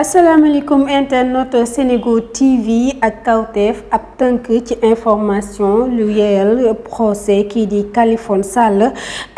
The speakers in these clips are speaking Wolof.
asalaamaaleykum internaute Senego TV ak kawteef ab tënk ci information lu yeyal procès kii di Kaliphone Sall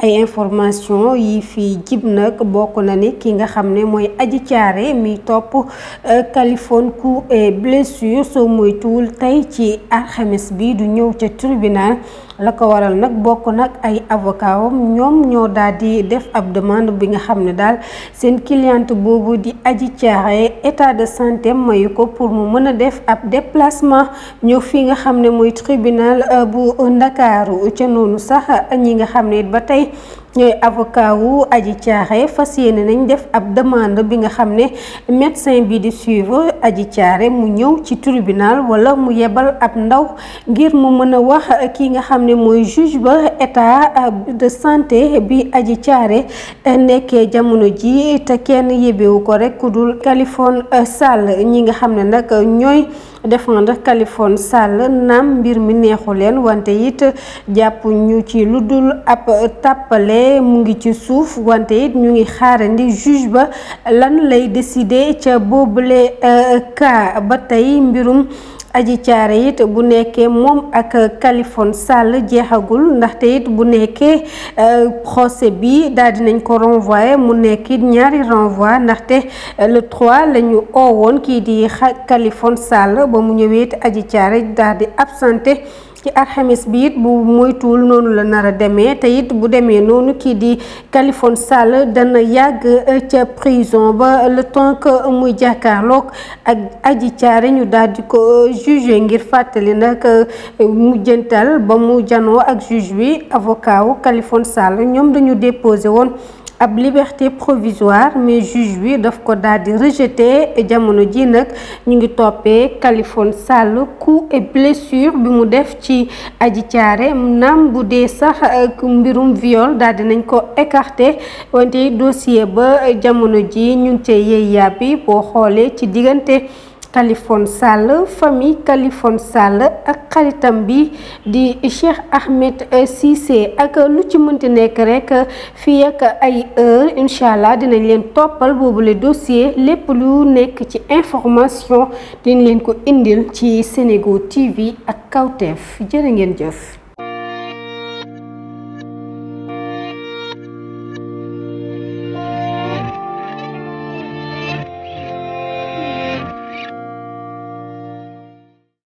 ay information yi fi jib nag bokk na ni ki nga xam ne mooy aji caare mi topp euh, Kaliphone coup et blessure soo moytuwul tey ci alxames bi du ñëw ca tribunal la ko waral nag bokk nag ay avocat wam ñoom ñoo daal di def ab demande bi nga xam ne daal seen cliente boobu di aji caaxee état de santé mayu ko pour mu mën a def ab déplacement ñëw fii nga xam ne mooy tribunal euh, bu ndakaaru ca noonu sax ñi nga xam ne it ba tey ñooy avocat wu Adji Thiaré fas yéene nañ def ab demande bi nga xam ne médecin bi di suivre Adji Thiaré mu ñëw ci tribunal wala mu yebal ab ndaw ngir mu mën a wax ki nga xam ne mooy juge ba état euh, de santé bi Adji Thiaré euh, nekkee jamono ji te kenn yébewu ko rek ku dul kalifon euh, Sall ñi nga xam ne nag ñooy défendre Kaliphone Sall naam mbir mi neexu leen wante it jàpp ñu ci lu dul ab tàppale mu ngi ci suuf wante it ñu ngi xaarandi juge ba lan lay décider ca boobule euh, cas ba tey mbirum aji caare it bu nekkee moom ak Kalifone Sall jeexagul ndaxte it bu nekkee euh, procès bi daal dinañ ko renvoyé mu nekk it ñaari renvoi ndaxte euh, le 3 lañu ñu kii di Kalifone Sall ba mu ñëwee it aji caare daal di absenté ci alxames bi it bu moytuwul noonu la nar a demee te it bu demee noonu kii di Kaliphone Sall dana yàgg euh, ca prison ba la temps muy jàkkaarlook ak aji caare ñu daldi ko euh, jugé ngir fàttali nag euh, mujjantal ba mu janoo ak juge bi avocat wu Kaliphone ñoom dañu déposé woon ab liberté provisoire mais juge bi daf ko daal di jamono ji nag ñu ngi toppee Kaliphone Sall coup et blessure bi mu def ci Adji Thiaré naam bu dee sax mbirum viol daal di nañ ko écarté wante dossier ba jamono ji ñu ngi cee yey yàbbi boo xoolee ci diggante Kaliphone Sall famille Kaliphone Sall ak xaritam bi di Cheikh Ahmed Cissé ak lu ci mënti nekk rek fii ak ay heure incha allah dinañ leen toppal boobu boobule dossier lépp lu nekk ci information dinañ leen ko indil ci Senego TV ak Kawtef jërë ngeen jëf.